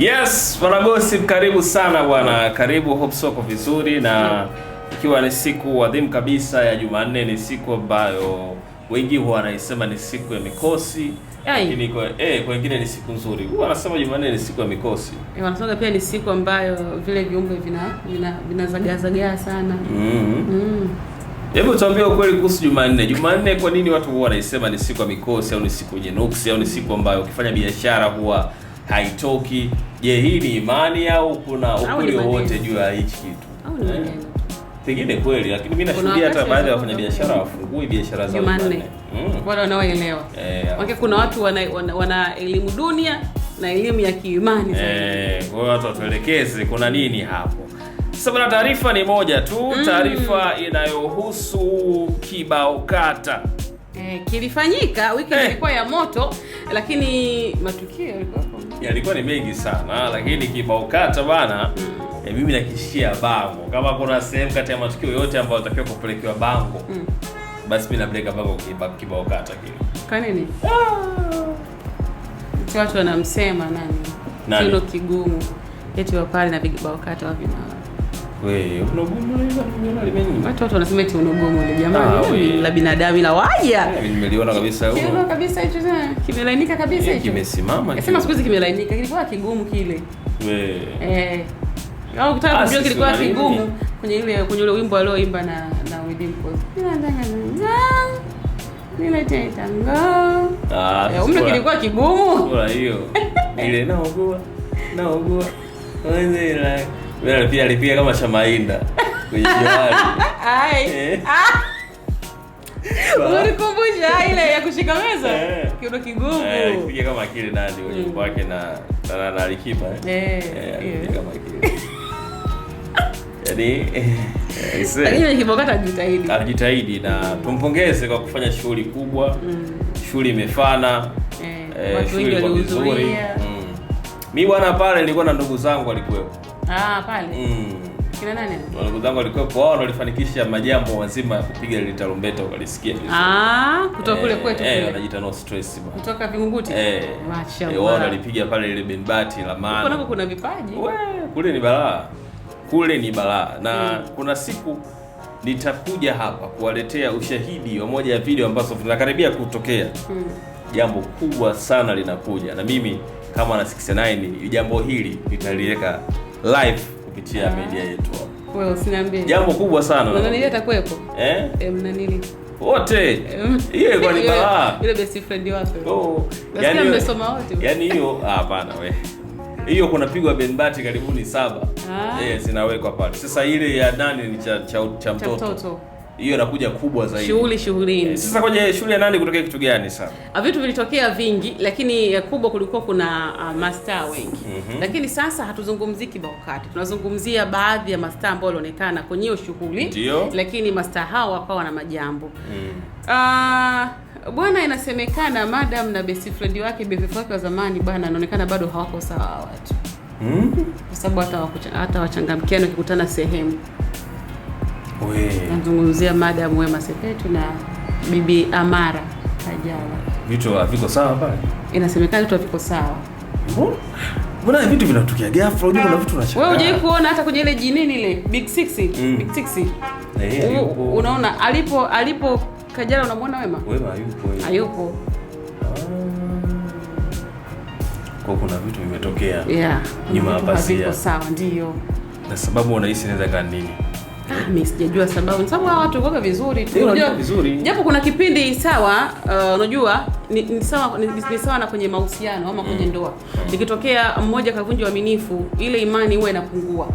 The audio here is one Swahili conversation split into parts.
Yes, wanagosi karibu sana bwana, karibu hope soko vizuri, na ikiwa ni siku adhimu kabisa ya Jumanne, ni siku ambayo wengi huwa wanaisema ni siku ya mikosi, lakini kwa eh, kwa wengine ni siku nzuri. Huwa wanasema Jumanne ni siku ya mikosi, eh, wanasema pia ni siku ambayo vile viumbe vina vina vinazagazagaa sana. mm -hmm. mm. Hebu tuambie ukweli kuhusu Jumanne. Jumanne kwa nini watu huwa wanaisema ni siku ya mikosi au ni siku yenye nuksi au ni siku ambayo ukifanya biashara huwa haitoki Je, hii ni imani au kuna ukweli wowote juu ya hichi kitu? Eh? Pengine kweli, lakini mimi nashuhudia hata baadhi ya wafanyabiashara mm. wafungui biashara zao Jumanne. Mm. Wale wanaoelewa. Eh, Maana kuna watu wana, wana, wana elimu dunia na elimu ya kiimani zaidi. Eh, kwa watu watuelekeze kuna nini hapo. Sasa bwana, taarifa ni moja tu, mm. taarifa mm, inayohusu kibao kata. Eh, kilifanyika wiki ilikuwa eh, ya moto lakini matukio yalikuwa Yaani, yalikuwa ni mengi sana, lakini kibao kata bana E, mimi nakishia bango. Kama kuna sehemu kati ya matukio yote ambayo natakiwa kupelekewa bango mm, basi mimi napeleka bango kibao kata kile. Kwa nini? Ah, watu wanamsema nani? Nani? Kilo kigumu eti wapale na vibao kata wapi na wewe una ugumu na hizo unaona limenyi. Watu watu wanasema eti una ugumu jamaa ah, la binadamu ila waja. Eh, nimeliona kabisa huko. Kimeliona kabisa hicho sana. Eh. Kimelainika kabisa eh, hicho. Kimesimama. Sema siku hizi kimelainika. Kilikuwa kigumu kile. Wewe. Eh. Au ah, ukitaka kujua kilikuwa kigumu kwenye ile kwenye ule wimbo alioimba na na Widi Mkozi. Bila ndanga ndanga. Bila ngo. Ah. Umle kilikuwa kigumu. Bora hiyo. Ile naogua. Naogua. Wewe like mimi nalipia alipia kama Shamainda kwenye Johari. Eh. Ah. Ulikumbusha ah, ile ya kushika meza eh. kiuno kigumu. Eh, kupiga kama kile nani kwenye mm. wake na na, na Alikiba. Eh, eh, eh kama kile. Yaani lakini nikibokata jitahidi. Alijitahidi na tumpongeze kwa kufanya shughuli kubwa. Mm. Shughuli imefana. Eh, eh shughuli kwa vizuri. Mm. Mimi bwana pale nilikuwa na ndugu zangu alikuwepo. Ah, mm. pale. Mm. Kina nani? Ndugu zangu walikuwepo wao walifanikisha majambo mazima ya kupiga ile tarumbeta ukalisikia vizuri. Ah, kutoka kule eh, kwetu eh, kule. Eh, wanajiita no stress bwana. Kutoka Vingunguti. Eh. Mashallah. Eh, wao walipiga pale ile bimbati la maana. Kuna kuna vipaji. We, kule ni balaa. Kule ni balaa. Na mm. kuna siku nitakuja hapa kuwaletea ushahidi wa moja ya video ambazo tunakaribia kutokea. Mm. Jambo kubwa sana linakuja na mimi kama na 69 jambo hili nitaliweka live kupitia ah, media yetu. Well, sinaambia. Jambo kubwa sana. Na nani atakuwepo? Eh? Eh, mnanili. Wote. Eh, hiyo ilikuwa ni balaa. Yule best friend wako. Oh. Yaani mmesoma wote. Yaani hiyo ah, hapana we. Hiyo kuna pigwa benbati karibuni saba. Ah. Eh, zinawekwa pale. Sasa ile ya nani ni cha cha, cha mtoto. Cha mtoto hiyo inakuja kubwa zaidi. Shughuli shughulini. Sasa kwenye shule ya nani kutokea kitu gani sana? Ah, vitu vilitokea vingi, lakini kubwa kulikuwa kuna uh, mastaa wengi mm -hmm. Lakini sasa hatuzungumzii kibaokati, tunazungumzia baadhi ya mastaa ambao walionekana kwenye hiyo shughuli. Lakini mastaa hao wakawa na majambo mm. uh, Bwana, inasemekana madam na best friend wake BFF wake wa zamani bwana, anaonekana bado hawako sawa watu, mm. kwa sababu hata hata wachangamkiana wakikutana sehemu nazungumzia Madam Wema Sepetu na Bibi Amara Kajala. Vitu haviko sawa pale, inasemekana vitu haviko sawa. Mbona vitu vinatokea ghafla, unajua kuna vitu unashangaa. Wewe hujai kuona hata kwenye ile jinini ile Big Six, mm. Big Six. Eh, eh Unaona alipo alipo Kajala unamwona Wema? Wema hayupo. Hayupo. Ah. Kwa kuna vitu vimetokea. Yeah. Nyuma ya pazia. Sawa, ndio. Na sababu unahisi inaweza kaa nini? Ah, mimi sijajua sababu, sababu hawa watu wako vizuri vizuri, japo kuna kipindi sawa, uh, unajua uh, ni, ni sawa ni, ni sawa na kwenye mahusiano ama kwenye mm. ndoa mm. ikitokea mmoja kavunja uaminifu, ile imani huwa inapungua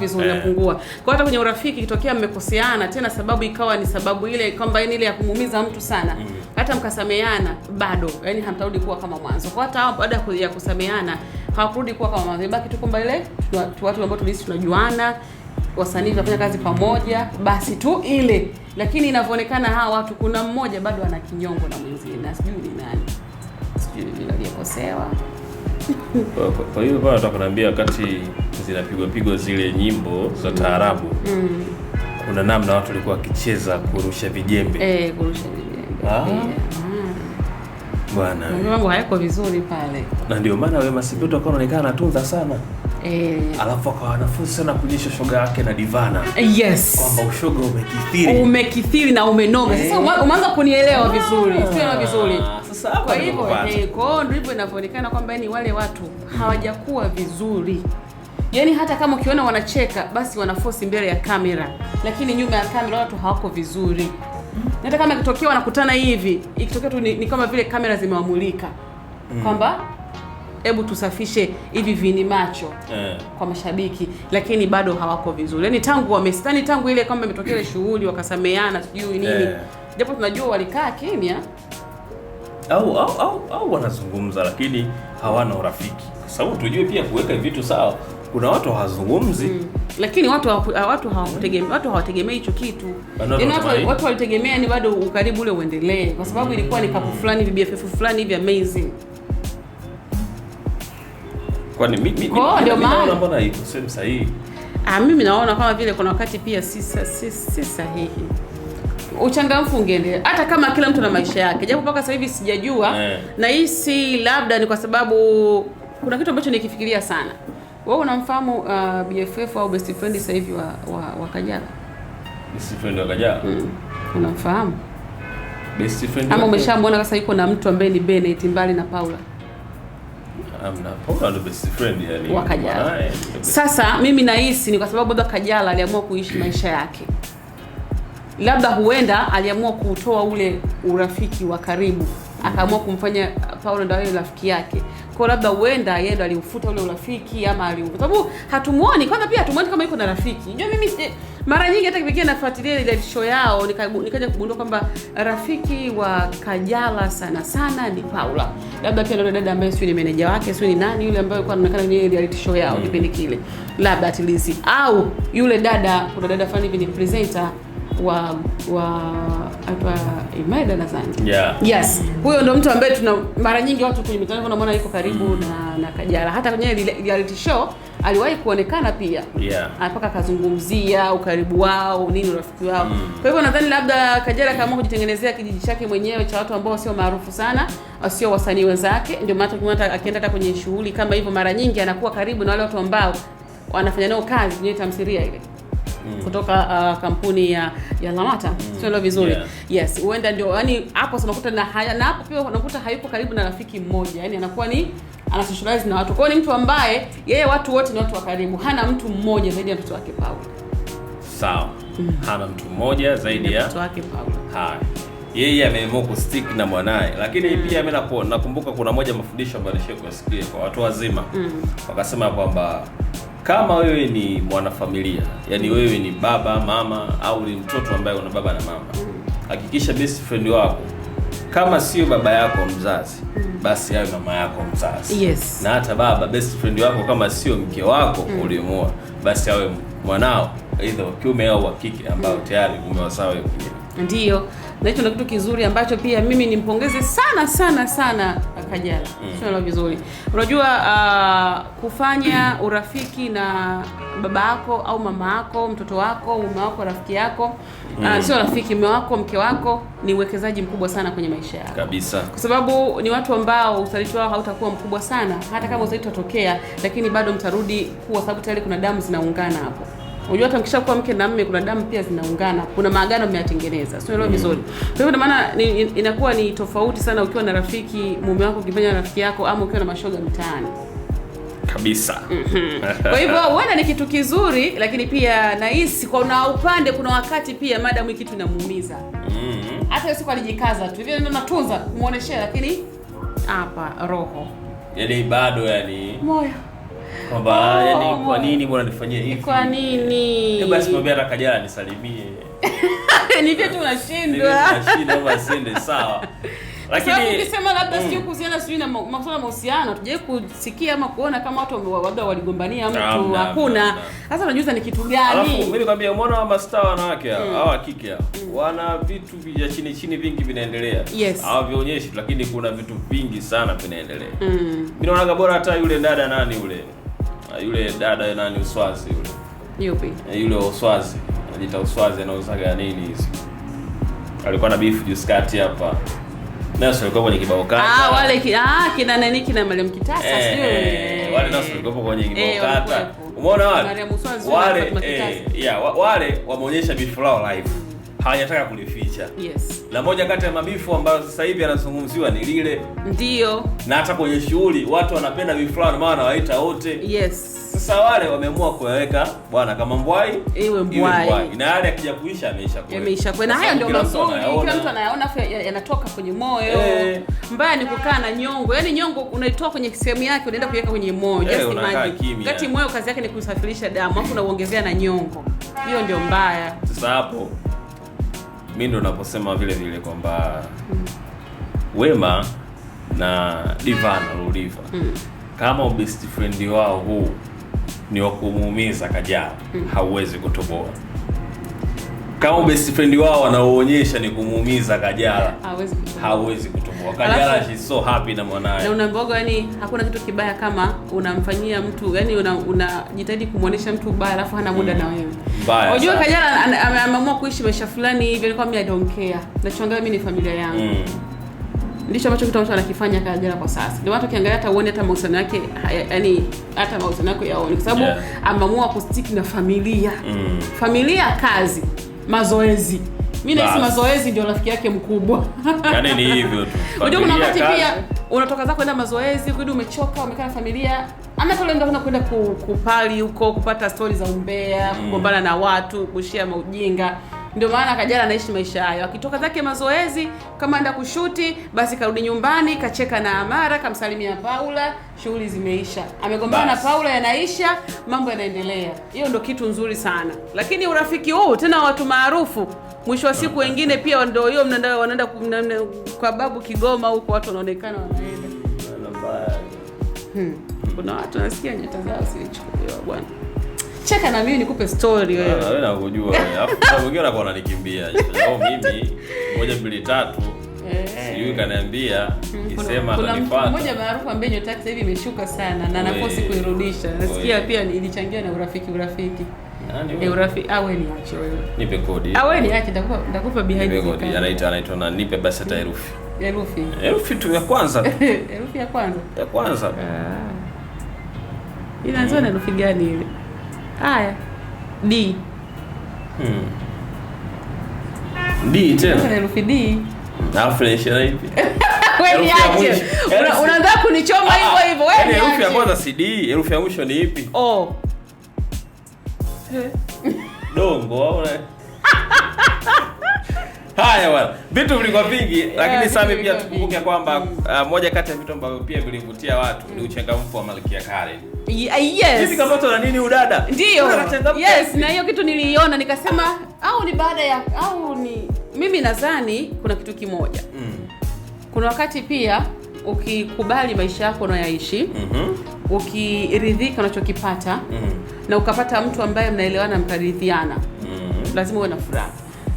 vizuri eh, inapungua. Kwa hata kwenye urafiki ikitokea mmekoseana tena, sababu ikawa ni sababu ile kwamba yani ile ya kumuumiza mtu sana mm. Hata mkasameana bado, yani hamtarudi kuwa kama mwanzo. Kwa hata baada ya kusameana hawakurudi kuwa kama mwanzo, ibaki tu kwamba ile watu ambao tulisi tunajuana wasanii tunafanya kazi pamoja, basi tu ile. Lakini inavyoonekana hawa watu, kuna mmoja bado ana kinyongo na mwenzie, na sijui ni nani, sijui ni aliyekosewa. Kwa hiyo bwana, nataka kuniambia, wakati zinapigwa pigwa zile nyimbo za taarabu mm. kuna namna watu walikuwa wakicheza kurusha vijembe eh, kurusha vijembe ah. Eh, ah. Bwana mambo hayako vizuri pale, na ndio maana Wema Sepetu akawa anaonekana anatunza sana Eh, alafu akawa fursa sana kuonyesha shoga yake na Divana. Yes. Kwamba ushoga umekithiri. Umekithiri na umenoga. Sasa eh. umeanza kunielewa vizuri. Ah. Sio vizuri. Sasa kwa hivyo eh, kwa ndivyo inavyoonekana kwamba yani wale watu hawajakuwa vizuri. Yaani hata kama ukiona wanacheka basi wanafosi mbele ya kamera, lakini nyuma ya kamera watu hawako vizuri. Hata kama ikitokea wanakutana hivi, ikitokea tu ni, ni kama vile kamera zimewamulika. Mm. Kwamba hebu tusafishe hivi vini macho yeah. kwa mashabiki, lakini bado hawako vizuri. Yani tangu wamestani, tangu ile kama imetokea shughuli wakasameana, sijui nini yeah. japo tunajua walikaa kimya au au au au wanazungumza lakini hawana urafiki, kwa sababu tujue pia kuweka vitu sawa, kuna watu hawazungumzi mm. lakini watu ah, watu hawategemea watu hawategemei hicho kitu yani, watu yaani watu walitegemea ni bado ukaribu ule uendelee, kwa sababu hmm. ilikuwa ni kapu fulani hivi BFF fulani hivi amazing Kwani mimi naona mbona iko sio sahihi? Ah, mimi naona kama vile kuna wakati pia si si, si sahihi. Uchangamfu ungeendelea hata kama kila mtu na maisha yake, japo mpaka sasa hivi sijajua eh. Nahisi labda ni kwa sababu kuna kitu ambacho nikifikiria sana. Wewe unamfahamu uh, BFF au best friend sasa hivi wa wa, wa Kajala? Best friend wa Kajala? Mm. Unamfahamu? Best friend. Ama umeshamwona sasa yuko na mtu ambaye ni Bennett mbali na Paula? Um, yani, sasa, mimi nahisi ni kwa sababu baba Kajala aliamua kuishi maisha yake, labda huenda aliamua kutoa ule urafiki wa karibu, akaamua kumfanya Paulo ndio yule rafiki yake. Kwa labda huenda yeye ndo aliufuta ule urafiki ama aliufuta. Sababu hatumuoni. Kwanza pia hatumuoni kama yuko na rafiki. Unajua mimi eh, mara nyingi hata kipekee nafuatilia ile show yao nikaja kugundua kwamba rafiki wa Kajala sana sana ni Paula. Labda pia ndio dada ambaye sio ni meneja wake, sio ni nani yule ambaye alikuwa anaonekana kwenye reality show yao mm. kipindi kile. Labda at least au yule dada kuna dada fulani hivi ni presenter wa wa hapa Imaida nadhani. Yeah. Yes. Huyo ndo mtu ambaye tuna mara nyingi watu kwenye mitandao wanaona yuko karibu mm. na na Kajala. Hata kwenye reality show aliwahi kuonekana pia. Yeah. Ah, mpaka akazungumzia ukaribu wao, nini urafiki wao. Mm. Kwa hivyo nadhani labda Kajala kama kujitengenezea kijiji chake mwenyewe cha watu ambao sio maarufu sana, sio wasanii wenzake, ndio maana akienda hata kwenye shughuli kama hivyo mara nyingi anakuwa karibu na wale watu ambao wanafanya nao kazi kwenye tamthilia ile mm. kutoka uh, kampuni ya ya Lamata mm. sio vizuri yeah. Yes, huenda ndio yani hapo unakuta na haya na hapo pia unakuta hayuko karibu na rafiki mmoja, yani anakuwa ni ana socialize na watu. Kwa ni mtu ambaye yeye watu wote ni watu wa karibu, hana mtu mmoja zaidi ya mtoto wake Paul Sawa. Mm. Hana mtu mmoja zaidi ya mtoto wake Paul Haya yeye ameamua stick na mwanaye, lakini mm. pia mimi nakumbuka kuna moja mafundisho ambayo nilishia kusikia kwa watu wazima mm. wakasema kwamba kama wewe ni mwanafamilia, yani wewe ni baba mama, au ni mtoto ambaye una baba na mama, hakikisha best friend wako kama sio baba yako mzazi, basi awe mama yako mzazi. Yes. na hata baba best friend wako kama sio mke wako mm. uliomuoa, basi awe mwanao, aidha wa kiume au wa kike, ambao mm. tayari umewasawa wewe na hicho na kitu kizuri ambacho pia mimi nimpongeze sana sana sana Kajala mm. vizuri. Unajua uh, kufanya urafiki na baba yako au mama yako, mtoto wako, mume wako, rafiki yako uh, mm. uh, sio rafiki, mume wako, mke wako ni uwekezaji mkubwa sana kwenye maisha yako kabisa, kwa sababu ni watu ambao usaliti wao hautakuwa mkubwa sana, hata kama usaliti utatokea, lakini bado mtarudi kuwa, sababu tayari kuna damu zinaungana hapo. Unajua hata ukishakuwa mke na mume kuna damu pia zinaungana. Kuna maagano mmeyatengeneza. Sio leo vizuri. Kwa hivyo maana inakuwa ni tofauti sana ukiwa na rafiki mume wako ukifanya rafiki yako ama ukiwa na mashoga mtaani. Kabisa. Mm -hmm. Kwa hivyo huenda ni kitu kizuri, lakini pia nahisi kuna upande, kuna wakati pia madamu hii kitu inamuumiza. Mm siku alijikaza tu hivyo, ndio natunza kumuoneshea, lakini hapa roho yaani bado yani moyo kwamba oh, yani oh, kwa oh. nini bwana nifanyie hivi? Kwa nini? Eh, basi mwambie hata kaja nisalimie. Ni vitu unashindwa. Unashindwa basi ndio sawa. Lakini ukisema labda mm, sio kuhusiana sio na masuala mahusiano, tujai kusikia ama kuona kama watu labda waligombania mtu hakuna. Sasa unajiuliza ni kitu gani? Alafu mimi nikwambia umeona mastaa wanawake hawa mm, kike mm, wana vitu vya chini chini vingi vinaendelea. Yes. Hawavionyeshi lakini kuna vitu vingi sana vinaendelea. Mm. Mimi naona bora hata yule dada nani yule yule dada nani Uswazi yule. Yupi? Yule Uswazi. Anajiita Uswazi anauzaga nini hizi? Alikuwa na beef juice kati hapa. Naso alikuwa kwenye kibao kata. Ah wale ki, ah kina nani kina Mariam Kitasa eh, sio? Eh, eh, wale naso alikuwa kwenye kibao eh, kata. Umeona wale? Wale eh, yeah, wale wameonyesha beef lao live hawajataka kulificha. Yes. Na moja kati ya mabifu ambayo sasa hivi yanazungumziwa ni lile. Ndio. Na hata kwenye shughuli watu wanapenda bifu fulani maana wanawaita wote. Yes. Sasa wale wameamua kuyaweka bwana kama mbwai iwe mbwai, na yale akija kuisha ameisha kwa. ameisha kwa. Na haya ndio mazuri, kila mtu anayaona, yanatoka kwenye moyo. Eh. Mbaya ni kukaa na nyongo, yaani nyongo unaitoa kwenye sehemu yake unaenda kuiweka kwenye moyo, just eh, imagine. Kati moyo kazi yake ni kusafirisha damu, afu unauongezea na nyongo, hiyo ndio mbaya. Sasa hapo mi ndo naposema vile vile kwamba mm. Wema na Diva na mm. kama best friend wao huu ni wa kumuumiza Kajala mm. hauwezi kutoboa kama best friend wao wanaoonyesha ni kumuumiza Kajala hawezi kutoboa. Kajala she so happy na mwanae, na unamboga yani, hakuna kitu kibaya kama unamfanyia mtu yani, unajitahidi una, kumwonyesha mtu ubaya alafu hana muda mm. na wewe mbaya. Unajua Kajala ameamua kuishi maisha fulani hivi, alikuwa mimi I don't care. Nachoangalia mimi ni familia yangu. Mm. Ndicho ambacho kitu mtu anakifanya Kajala kwa sasa. Ndio watu kiangalia hata uone hata mahusiano yake yaani hata mahusiano yake yaone kwa sababu yeah. ameamua stick na familia. Mm. Familia, kazi, mazoezi. Mimi nahisi mazoezi ndio rafiki yake mkubwa. Yaani ni hivyo tu. Unajua kuna wakati pia unatoka zako kwenda mazoezi, kurudi umechoka, umekaa na familia, ama pale ndio kwenda kupali huko, kupata stori za umbea, mm. kugombana mm. na watu, kushia maujinga ndio maana Kajala anaishi maisha hayo, akitoka zake mazoezi, kama anda kushuti, basi karudi nyumbani, kacheka na Amara, kamsalimia Paula, shughuli zimeisha. Amegombana na Paula, yanaisha, mambo yanaendelea. Hiyo ndio kitu nzuri sana, lakini urafiki huu tena watu maarufu mwisho wa siku wengine pia ndio hiyo mnaenda wanaenda kwa babu Kigoma huko, watu wanaonekana wanaenda. Hmm. Kuna watu nasikia nyota zao zilichukuliwa bwana. Cheka na mimi nikupe story wewe. Ah, wewe nakujua wewe. Alafu sasa mwingine anakuwa ananikimbia. Leo mimi moja mbili tatu. Eh. Sijui kaniambia hmm, kisema atanifuata. Mmoja maarufu ambaye nyota yake sasa hivi imeshuka sana na anakosi kuirudisha. Nasikia pia ilichangia na urafiki urafiki. Nani? Ah, eh, urafiki au ah, wewe ni niache wewe. Nipe kodi. Au wewe ni niache nitakupa nitakupa behind. Nipe kodi. Anaitwa anaitwa na nipe basi hata herufi. Herufi. Herufi tu ya kwanza. Herufi ya kwanza. Ya kwanza. Ah. Ila nzona herufi gani ile? Haya, D. Hmm. D tena. Herufi D. Alafu inaishia ipi? Wewe niache. Unaanza yaani kunichoma hivyo ah, hivyo. Wewe niache. Yaani herufi ya kwanza cd D, herufi ya mwisho ni ipi? oh Dongo au Haya bwana, vitu vilikuwa vingi yeah, lakini Sami, pia tukumbuke kwamba mm. uh, moja kati ya vitu ambavyo pia vilivutia watu ni mm. uchangamfu wa Malkia Karen. Uh, yes. Na nini udada? Ndio. Yes, na hiyo kitu niliiona nikasema au ni baada ya au ni mimi nadhani kuna kitu kimoja. Mm. Kuna wakati pia ukikubali maisha yako unayoishi mm -hmm. ukiridhika unachokipata mm -hmm. na ukapata mtu ambaye mnaelewana mkaridhiana mm -hmm. lazima uwe na furaha.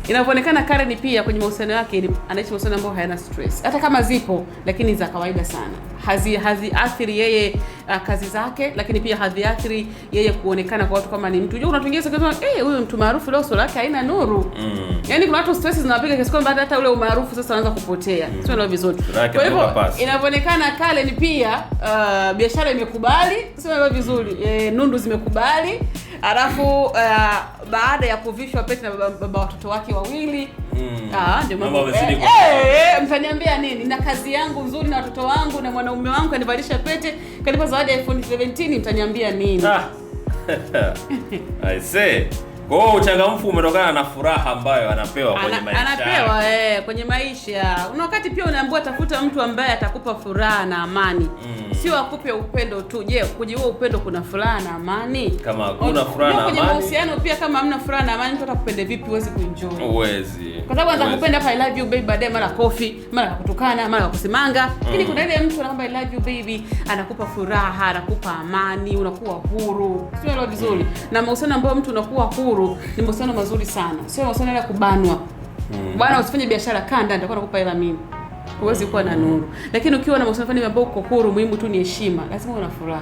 Inavyoonekana Karen pia kwenye mahusiano yake anaishi mahusiano ambayo hayana stress, hata kama zipo, lakini za kawaida sana, hazi haziathiri yeye uh, kazi zake, lakini pia haziathiri yeye kuonekana kwa watu kama ni mtu. Unajua kuna watu wengine wanasema eh, huyu mtu maarufu leo sura yake haina nuru mm. Yani kuna watu stress zinawapiga kiasi kwamba hata ule umaarufu sasa anaanza kupotea mm. Sio ndio? Vizuri. Kwa hivyo inavyoonekana Karen pia uh, biashara imekubali, sio ndio? Vizuri mm. E, nundu zimekubali alafu uh, baada ya kuvishwa pete na baba, baba watoto wake wawili mm. Ah, ndio mambo eh, eh, mtaniambia nini? Na kazi yangu nzuri na watoto wangu na mwanaume wangu anivalisha pete, kanipa zawadi ya iPhone 17, mtaniambia nini? Ah. I say kwa hiyo uchangamfu umetokana na furaha ambayo anapewa kwenye ana, maisha. Anapewa eh, kwenye maisha. Una wakati pia unaambiwa tafuta mtu ambaye atakupa furaha na amani. Mm. Sio akupe upendo tu. Je, kwenye huo upendo kuna furaha na amani? Kama hakuna furaha na amani. Kwenye mahusiano pia kama hamna furaha na amani, mtu atakupende vipi uweze kuenjoy? Uwezi. Kwa sababu anza kupenda hapa I love you baby, baadaye mara kofi, mara kutukana, mara kusimanga. Mm. Lakini mm. kuna ile mtu anakwambia I love you baby, anakupa furaha, anakupa amani, unakuwa huru. Sio leo vizuri. Mm. Na mahusiano ambayo mtu unakuwa huru nashukuru ni mahusiano mazuri sana, sio mahusiano ya kubanwa. Mm. Bwana usifanye biashara kanda, nitakuwa nakupa hela mimi. Huwezi kuwa na nuru. Lakini ukiwa na mahusiano fulani ambao uko huru, muhimu tu ni heshima, lazima uwe na furaha.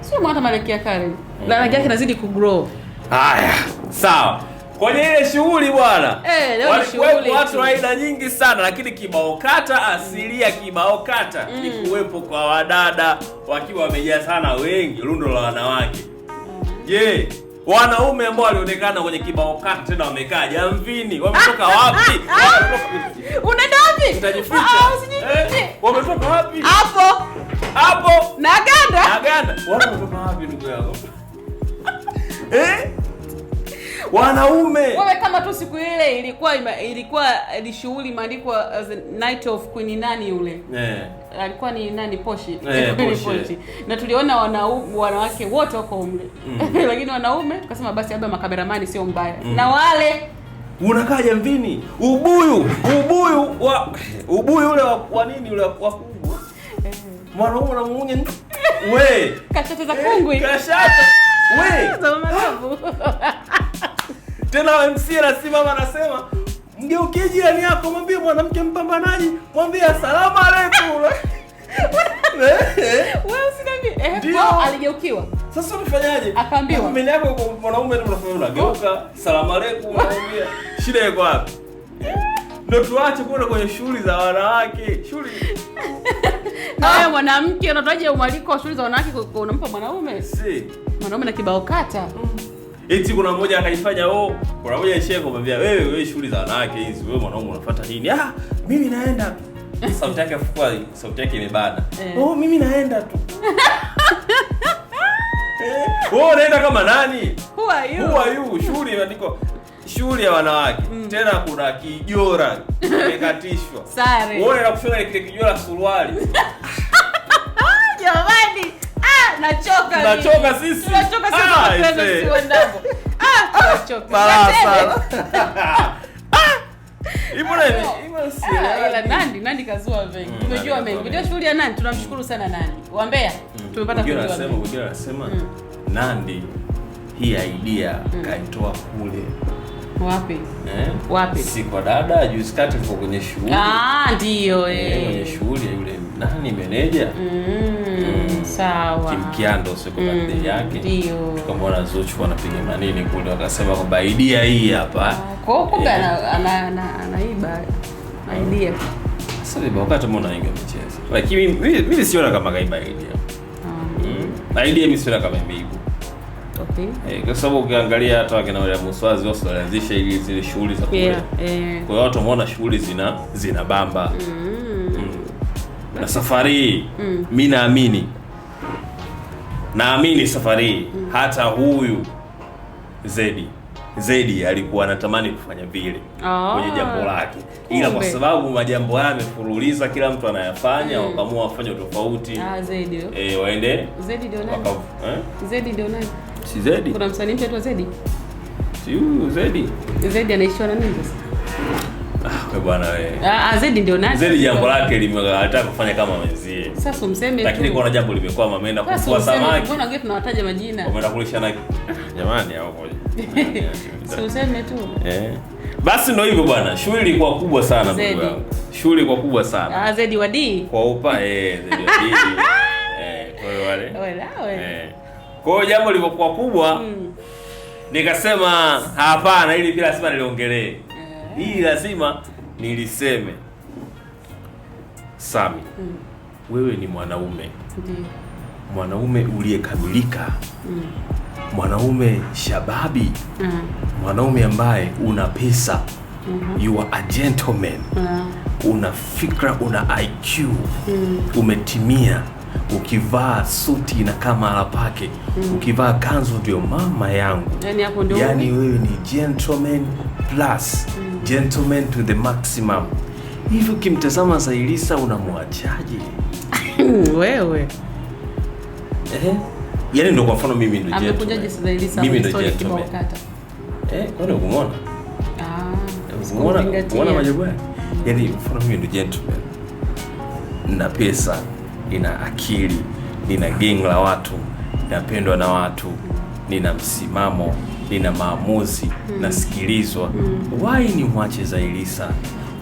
Sio mwana malkia kale Na rangi yake inazidi kugrow. Haya, sawa. Kwenye ile shughuli bwana, eh, walikuwepo watu wa aina nyingi sana, lakini kibao kata asilia, kibao kata mm. kuwepo kwa wadada wakiwa wamejaa sana, wengi rundo la wanawake. Mm. Je, mm. yeah wanaume ambao walionekana kwenye kibao kata tena wamekaa jamvini, ah, ah, ah, wametoka wapi? Unaenda wapi? Utajificha. Eh, wametoka wapi? Hapo hapo. Na ganda na ganda, wametoka wapi ndugu yako? eh wanaume wewe, kama tu siku ile ilikuwa ilikuwa eh, ni shughuli imeandikwa as a night of Queen nani yule yeah. Alikuwa ni nani Poshi yeah, Poshi poshi na tuliona wanaume wanawake wote wako umle mm. Lakini wanaume tukasema basi labda makameramani sio mbaya mm. na wale unakaa jamvini ubuyu ubuyu wa ubuyu ule wa, wa nini ule wa kungu eh. mwanaume na unamuunya we kashata za kungu eh, kashata we ah. Tena MC anasimama anasema, mgeukie jirani yako, mwambie mwanamke mpambanaji, mwambie asalamu alaykum. Eh, eh. Wewe usiniambie. Eh, kwa aligeukiwa. Sasa unafanyaje? Akaambiwa. Mimi yako kwa mwanaume ndio unafanya unageuka, oh. salamu alaykum unamwambia. Shida iko wapi? Ndio tuache kwenda kwenye shughuli za wanawake. Shughuli. Na wewe mwanamke unatoaje umwaliko wa shughuli za wanawake unampa mwanaume? Si. Mwanaume na kibao kata. Mm. Eti kuna mmoja akaifanya oh, kuna mmoja ishia kumwambia wewe wewe shughuli za wanawake hizi, wewe mwanaume unafuata nini? Ah, mimi naenda tu. Sauti yake afukua, sauti yake imebana. Eh. Oh, mimi naenda tu. Eh, wewe unaenda kama nani? Who are you? Who are you? Shughuli imeandikwa shughuli ya wanawake. Mm. Tena kuna kijora kimekatishwa. Sare. Wewe unaenda kushona kile kijora suruali. Jamani nachoka nachoka sisi nachoka sisi ah, eh, eh. ah nachoka sana ni ah. ah, ila Nandi Nandi kazua vengi, mm, Unajua mengi. Ndio shughuli ya nani? tunamshukuru sana nani. Waambea. Mbeya, mm. tumepata kujua. Anasema wengine unasema mm. Nandi hii idea kaitoa kule wapi eh? Wapi si kwa dada juzi kati kwa kwenye shughuli ah, ndio eh, kwenye eh. shughuli yule nani meneja mm sawa, kimkiando siku mm, birthday yake, ndio tukamwona Zuchu anapiga manini kule, wakasema kwamba idea hii hapa kwa kumbe eh, anaiba idea. Sasa ni wakati mbona wengi wamecheza, lakini mimi siona kama kaiba idea. Ah. Mm. Na idea mimi siona kama imeibu. Okay. Eh, kwa sababu ukiangalia hata wakina wale Muswazi wao walianzisha ili zile shughuli za kule. Yeah, eh. Kwa hiyo watu wameona shughuli zina zinabamba. Mm. Mm. Na safari mm. mimi naamini naamini safari hii mm. hata huyu Zedi Zedi alikuwa anatamani kufanya vile oh, kwenye ah. jambo lake, ila kwa sababu majambo haya yamefululiza, kila mtu anayafanya mm. wakaamua wafanye tofauti. Ah, Zedi e, waende Zedi ndio nani? Wakavu, eh? Zedi ndio nani? Si Zedi kuna msanii mpya tu Zedi, si huyu Zedi. Zedi anaishiwa na nini sasa? bwana ah, ah, ndio nani? jambo lake limekataa kufanya kama wenzie. Sasa umseme lakini kuna jambo limekwama, samaki. Mbona tunawataja majina? Wameenda kulisha na jamani hao moja. useme tu. Eh. Basi ndio hivyo bwana. Shughuli ilikuwa kubwa sana ndugu yangu. Shughuli ilikuwa kubwa sana. Ah, kwa upa eh Eh, wale. Wala eh. Kwa hiyo jambo lilikuwa kubwa. Mm. Nikasema hapana, ili pia lazima niliongelee. Eh. Hii lazima niliseme Sami, mm. wewe ni mwanaume ndio. mwanaume uliyekamilika mm. mwanaume shababi mm. mwanaume ambaye una pesa mm -hmm. you are a gentleman mm. una fikra, una IQ mm. umetimia ukivaa suti na kama alapake mm. ukivaa kanzu ndio mama yangu, yani yaani wewe ni gentleman plus mm gentleman to the maximum. Hivyo kimtazama Zailisa unamwachaje? Wewe. Eh? Yaani ndio kwa mfano mimi ndio gentleman. Amekujaje Zailisa? Mimi ndio gentleman. Eh, kwani unamwona? Ah. Unamwona? Unamwona majibu yake? Yaani mfano mimi ndio gentleman. Nina pesa, nina akili, nina geng la watu, napendwa na watu, nina msimamo lina maamuzi mm. nasikilizwa mm. wai ni mwache Zailisa?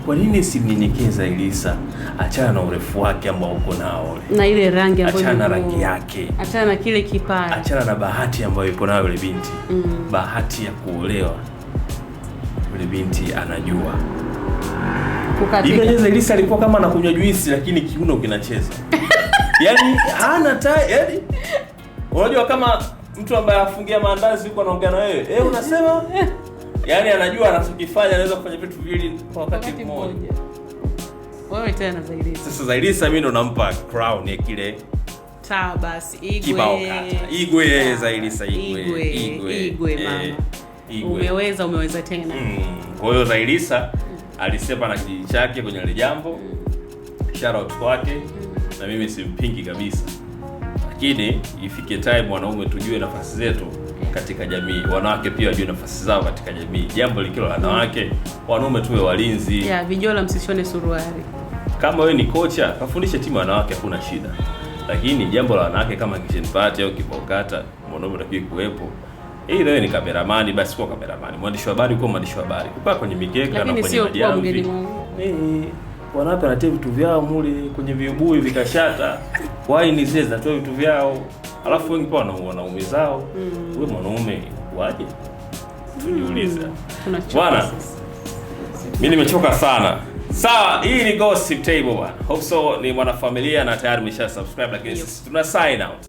Kwa nini simnyenyekee Zailisa? Achana na urefu wake ambao uko nao na ile rangi ambayo, achana na rangi yake, achana na kile kipara, achana na bahati ambayo yuko nayo yule binti mm. bahati ya kuolewa yule binti anajua Zailisa alikuwa kama anakunywa juisi lakini kiuno kinacheza yani hana ta yani, unajua kama mtu ambaye afungia maandazi huko anaongea na wewe eh, unasema eh. Yaani anajua anachokifanya, anaweza kufanya vitu viwili kwa wakati mmoja. Wewe tena Zailisa. Sasa Zailisa mimi ndo nampa crown ya kile ta basi igwe. Kibao kata. Igwe yeah. Zailisa igwe. Igwe, igwe. Igwe eh, mama. Eh, igwe. Umeweza, umeweza tena. Mm. Kwa hiyo Zailisa mm. alisema na kijiji chake kwenye ile jambo. Mm. Shout out kwake. mm. Na mimi simpingi kabisa lakini ifike time wanaume tujue nafasi zetu katika jamii, wanawake pia wajue nafasi zao katika jamii. Jambo likilo la wanawake, wanaume tuwe walinzi yeah, vijola msishone suruali. Kama wewe ni kocha, kafundishe timu wanawake, hakuna shida, lakini jambo la wanawake kama kitchen party au kipokata, mwanaume unatakiwa kuwepo hii leo ni kameramani, basi kwa kameramani, mwandishi wa habari kwa mwandishi wa habari, kukaa kwenye mikeka na kwenye majamvi. Wanawake wanatia vitu vyao mule kwenye viubui vikashata waini zile zinatoa vitu vyao, alafu wengi pia wanaume zao. Mm. We mwanaume waje, tujiuliza mm. bwana. Mi nimechoka sana. Sawa, hii ni Gossip Table bwana. Hope so ni mwanafamilia na tayari mesha subscribe, lakini sisi tuna sign out.